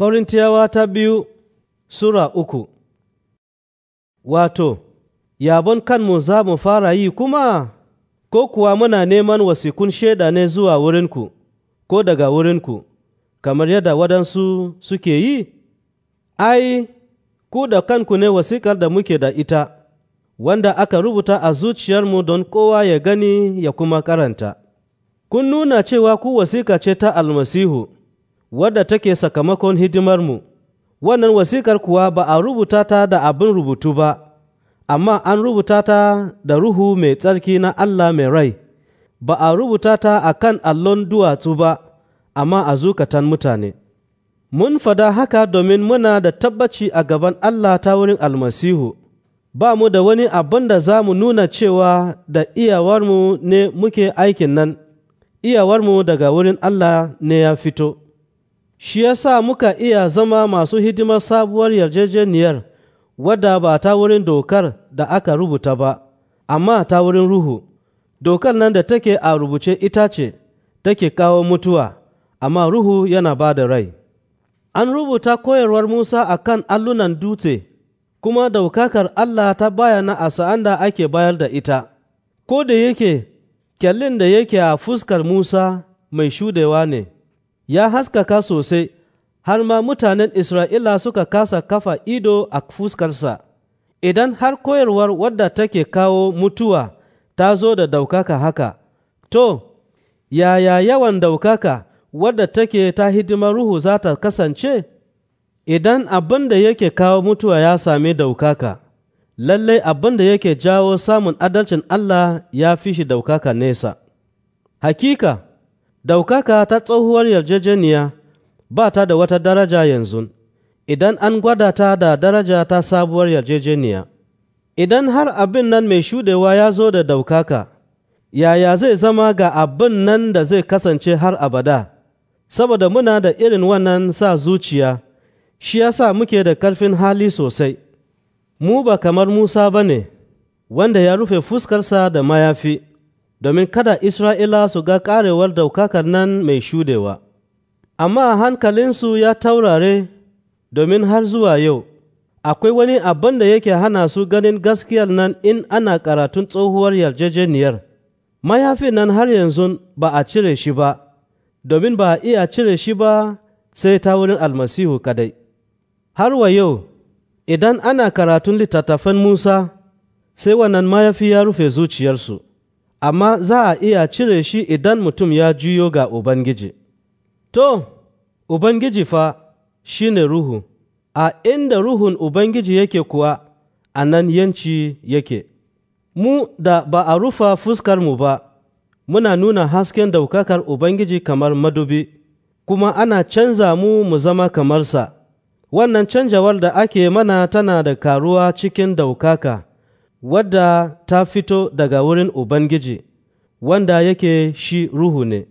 Korintiyawa ta biyu Sura uku Wato, yabon kanmu za mu fara yi kuma, ko kuwa muna neman wasikun shaida ne zuwa wurinku, ko daga wurinku, kamar yadda waɗansu suke yi? Ai, ku da kanku ne wasikar da muke da ita, wanda aka rubuta a zuciyarmu don kowa ya gani ya kuma karanta. Kun nuna cewa ku wasika ce ta almasihu. wadda take sakamakon hidimarmu, wannan wasikar kuwa ba a rubuta ta da abin rubutu ba, amma an rubuta ta da Ruhu mai tsarki na Allah mai rai, ba a rubuta ta a kan allon duwatsu ba, amma a zukatan mutane. Mun fada haka domin muna da tabbaci a gaban Allah ta wurin almasihu, ba mu da wani abin da za mu nuna cewa da iyawarmu ne muke aikin nan, iyawarmu daga wurin Allah ne ya fito. shi ya sa muka iya zama masu hidimar sabuwar yarjejeniyar wadda ba ta wurin dokar da aka rubuta ba, amma ta wurin ruhu, dokar nan da take a rubuce ita ce take kawo mutuwa, amma ruhu yana ba da rai. An rubuta koyarwar Musa a kan allunan dutse, kuma daukakar Allah ta bayana a sa'an da ake bayar da ita, ko da yake, kyallin da yake a fuskar Musa mai shudewa ne. ya haskaka sosai har ma mutanen Isra'ila suka kasa kafa ido a fuskarsa, idan har koyarwar wadda take kawo mutuwa ta zo da daukaka haka, to, yaya yawan daukaka wadda take ta hidimar ruhu za ta kasance? Idan abin da yake kawo mutuwa ya sami daukaka, lallai abin da yake jawo samun adalcin Allah ya fi shi daukaka nesa. Hakika, Daukaka ta tsohuwar yarjejeniya ba ta da wata daraja yanzu, idan an gwada ta da daraja ta sabuwar yarjejeniya. Idan har abin nan mai shudewa ya zo da daukaka, yaya zai zama ga abin nan da zai kasance har abada, saboda muna da irin wannan sa zuciya, shi ya sa muke da ƙarfin hali sosai. Mu ba kamar Musa ba ne, wanda ya rufe fuskarsa da mayafi. domin kada Isra'ila su ga ƙarewar daukakar nan mai shudewa. Amma hankalinsu ya taurare domin har zuwa yau, akwai wani abin da yake hana su ganin gaskiyar nan in ana karatun tsohuwar yarjejeniyar. Mayafin nan har yanzu ba a cire shi ba, domin ba a iya cire shi ba sai ta wurin almasihu kadai. Har wa yau, idan ana karatun littattafan Musa, sai wannan mayafi ya rufe zuciyarsu. amma za a iya cire shi idan mutum ya juyo ga Ubangiji. To, Ubangiji fa shi ne Ruhu, a inda Ruhun Ubangiji yake kuwa, a nan yanci yake. Mu da ba a rufa mu ba, muna nuna hasken daukakar Ubangiji kamar madubi, kuma ana canza mu mu zama kamarsa. Wannan canjawar da ake mana tana da karuwa cikin daukaka. wadda ta fito daga wurin Ubangiji, wanda yake shi ruhu ne.